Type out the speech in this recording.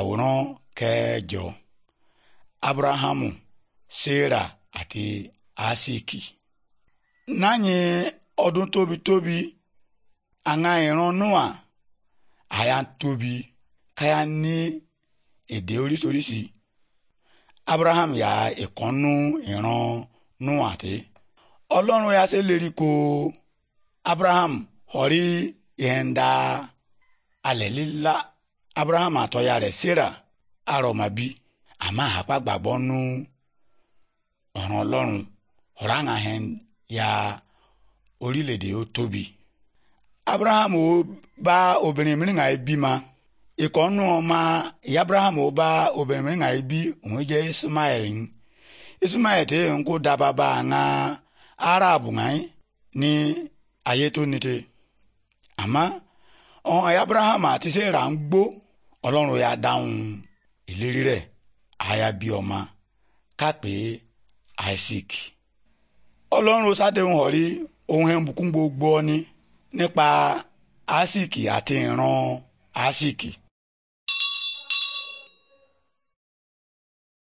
àwòrán kẹjọ abrahamu sarah àti asiki. náàyè ọdún tóbi-tóbi àwọn ìran noa àyà tóbi káyà ní èdè oríṣiríṣi abraham yà ìkànnú ìran noa tẹ ọlọ́run yà ṣe lérí ko abraham ọ̀rí ìhẹ̀ndà alẹ́ lílá abraham atọya rẹ̀ sira arọmabi ama hakpa gbàgbọ́ nu ọ̀ràn ọlọ́run ọ̀rọ̀ àná ya orílẹ̀-èdè ó tóbi abraham ó bá obìnrin mìíràn yìí ma ikọ̀ nù ọmọ ìyá abraham ó bá obìnrin mìíràn yìí bí òun jẹ́ ismael ń ismael tẹ́ ń kó dábàbà àná arabu ń ní ayé tó nìte àmọ́ ọ̀hún abraham àti sarah ń gbó ọlọ́run yà dáhùn ìlérí rẹ̀ àyà bí ọmọ kápẹ́ isaac ọlọ́run sádẹ́hùn ọ̀rí ohun ẹ̀ ń gbogbo ọ ni nípa asiki àti ìran asiki